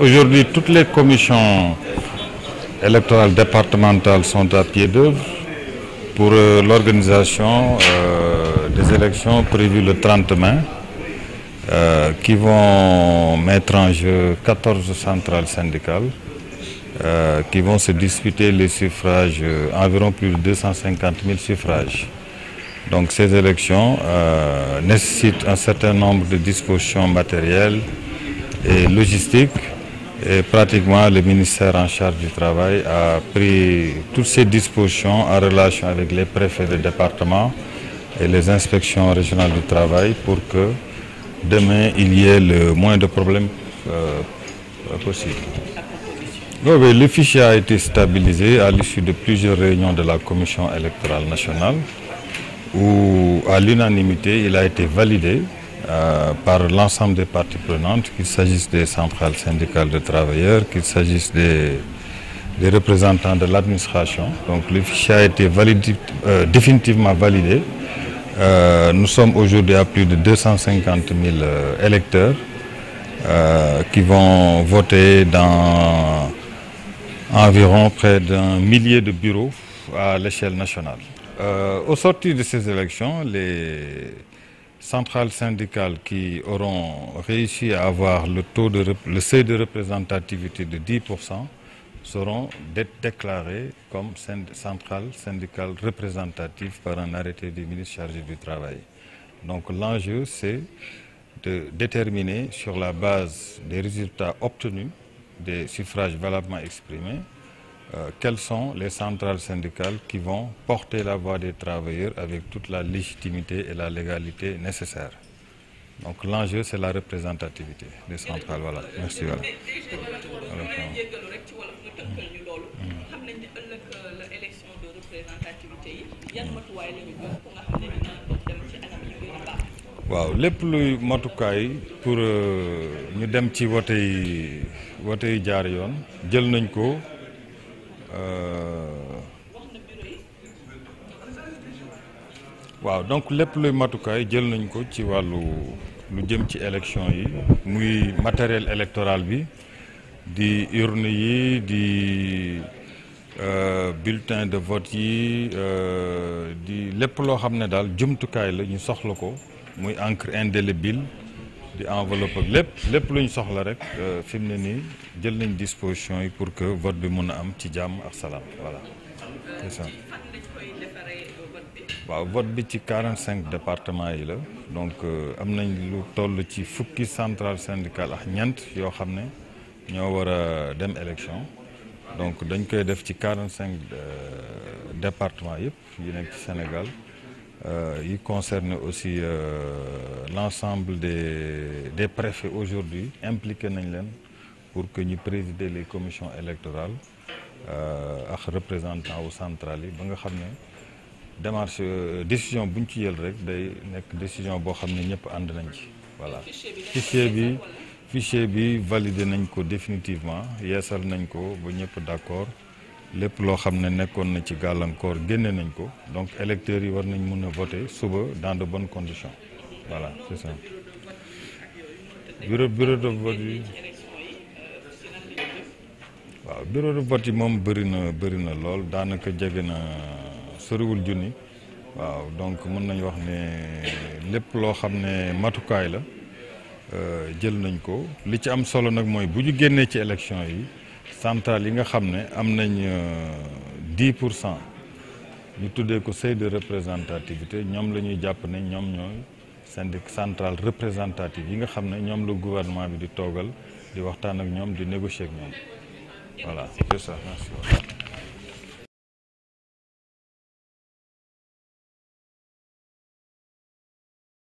Aujourd'hui, toutes les commissions électorales départementales sont à pied d'œuvre pour euh, l'organisation euh, des élections prévues le 30 mai, euh, qui vont mettre en jeu 14 centrales syndicales, qui vont se disputer les suffrages, environ plus de 250 000 suffrages. Donc ces élections nécessitent un certain nombre de dispositions matérielles et logistiques pratiquement, le ministère en charge du travail a pris toutes ses dispositions en relation avec les préfets de département et les inspections régionales du travail pour que demain, il y ait le moins de problèmes possibles. Euh, possible. le fichier a été stabilisé à l'issue de plusieurs réunions de la Commission électorale nationale où, à l'unanimité, il a été validé euh, par l'ensemble des parties prenantes, qu'il s'agisse des centrales syndicales de travailleurs, qu'il s'agisse des, représentants de l'administration. Donc le fichier a été euh, définitivement validé. Euh, nous sommes aujourd'hui à plus de 250 000 électeurs qui vont voter dans environ près d'un millier de bureaux à l'échelle nationale. au sortir de ces élections, les centrales syndicales qui auront réussi à avoir le, taux de, le seuil de représentativité de 10% seront déclarées comme centrales syndicales représentatives par un arrêté du ministre chargé du Travail. Donc l'enjeu, c'est de déterminer sur la base des résultats obtenus des suffrages valablement exprimés euh, quelles sont les centrales syndicales qui vont porter la voix des travailleurs avec toute la légitimité et la légalité nécessaires. Donc l'enjeu, c'est la représentativité des centrales. Voilà. Merci. Voilà. waaw pour euh, waaw donc lepp luy matukaay jël nañ ko ci wàllu lu jëm ci élection yi muy matériel électoral bi di urne yi di euh, bulletin de vote yi euh, di lépp loo xam ne daal jumtukaay la ñu soxla ko muy encre indélébile di enveloppe ak lépp luñ soxla rek euh, fi mu jël nañ disposition yi pour que vote bi mun a am ci jàmm ak salam voilà c'est ça vote bi ci 45 départements yi donc euh, am nañ lu toll ci fukki centrale syndicale ak ñeent yoo xam ne ñoo war a dem élection donc dañ koy def ci 45 euh, départements yëpp yu nekk ci Sénégal euh, il concerne aussi euh, l'ensemble des, des, préfets aujourd'hui impliqués pour que nous présidions les commissions électorales euh, ak représentants au central yi ba nga euh, décision bu ñu ci yël rek day décision bo xamné ñëpp ci voilà fichier bi fichier bi validé nañ ko définitivement a nañ ko ba ñëpp d'accord lépp loo xam ne nekkoon na ci gàllankoor génne nañ ko donc électeurs yi war nañ mën a voter suba dans de bonnes conditions voilà c'est ça bureau bureau de vote yi waaw bureau de vote yi moom bëri na bëri na lool daanaka jege na soriwul junni waaw donc mën nañ wax ne lépp loo xam ne matukaay la euh, jël nañ ko li ci am solo nag mooy bu ñu génnee ci élection yi centrales yi nga 10 euh, ko de représentativité Nous sommes les Japonais, nous ñoy syndic central représentative yi nga xamné ñom le gouvernement bi di Nous di waxtaan ak ñom di négocier ak voilà c'est ça merci